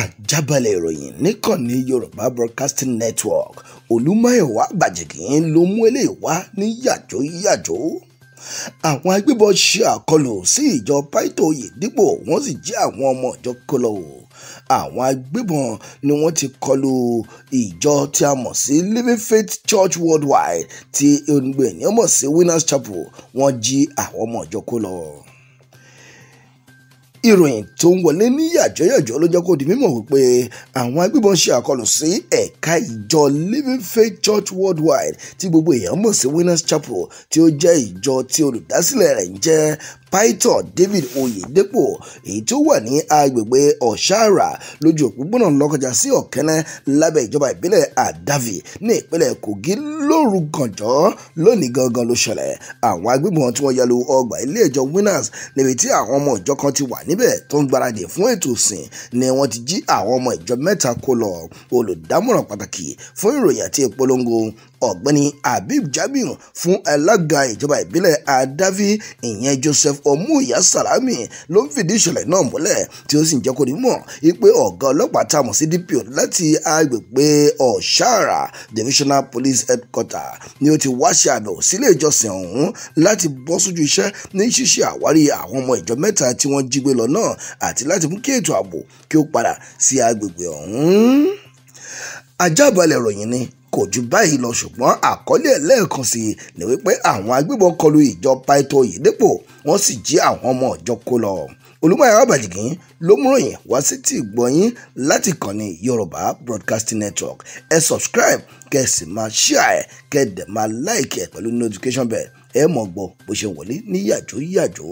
àjábálẹ̀ ìròyìn níkànnì yorùbá broadcasting network olùmọ̀ẹ́wà gbàjẹ̀kì ló mú eléyìí wá ní yàjó yàjó àwọn agbébọn ṣe àkọlù sí ìjọ paito yèdípò wọ́n sì jí àwọn ọmọ ìjọ kó o àwọn agbébọn ni wọ́n ti kọlù ìjọ tí a mọ̀ sí living faith church worldwide ti onígbẹ̀ẹ́ni ọmọ sí winners chapel wọ́n jí àwọn ọmọ ìjọ kó ìròyìn tó ń wọlé ní yàjọ́yàjọ́ ló jẹ́ kó di mímọ̀ wípé àwọn agbébọn ṣe àkọlù sí ẹ̀ka ìjọ Living Faith Church Worldwide tí gbogbo èèyàn mọ̀ sí Winners Chapel tí ó jẹ́ ìjọ tí olùdásílẹ̀ rẹ̀ ń jẹ́ Python David Oyedepo èyí tí ó wà ní agbègbè Ọ̀ṣàrà lójú òpópónà Lọ́kọjà sí Ọ̀kẹ́nẹ́ lábẹ́ ìjọba ìbílẹ̀ Àdàvì ní ìpínlẹ̀ Kogi lóru gànjọ́ lónìí gangan ló ṣẹlẹ̀ àwọn agbébọn tí wọ́n ya lu ọgbà ilé ìjọ Winners níbi tí àwọn ọmọ ìjọ kan ti wà níbẹ̀ tó ń gbáradì fún ètò ìsìn ni wọ́n ti jí àwọn ọmọ ìjọ mẹ́ta kó lọ olùdámọ̀ràn pàtàkì fún ìròyìn àti ìpolongo ọ̀gbẹ́ni Habib Jamiu fún alága ìjọba ìbílẹ̀ Adavi ìyẹn Joseph Omuya Salami ló ń fìdí ìṣẹ̀lẹ̀ náà múlẹ̀ tí ó sì ń jẹ́ kó ní mọ̀ wípé ọ̀gá ọlọ́pàá tá a mọ̀ sí DPO láti agbègbè Ọ̀ṣàrà Divisional Police Headquarter ni ó ti wá ṣe àbẹ̀wò sílé ìjọsìn ọ̀hún láti bọ́ sójú iṣẹ́ ní ṣíṣe àwárí àwọn ọmọ ìjọ mẹ́ta tí wọ́n jí gbé ìkìlọ̀ náà àti láti mú kí ètò ààbò kí ó padà sí agbègbè ọ̀hún. ajábalẹ̀ ìròyìn ni kò jù báyìí lọ ṣùgbọ́n àkọlé ẹlẹ́ẹ̀kan sí i ni wípé àwọn agbébọn kọlu ìjọ Paito Oyedepo wọ́n sì jí àwọn ọmọ ìjọ kó lọ. Olúmọ̀yàwó Bàjìgín ló mú ròyìn wá sí tí ìgbọ̀nyín láti kànnì Yorùbá Broadcasting Network ẹ e subscribe kẹ sì máa share kẹ dẹ̀ máa like ẹ pẹ̀lú notification bell ẹ mọ̀ gbọ́ bó ṣe wọlé ní yàjó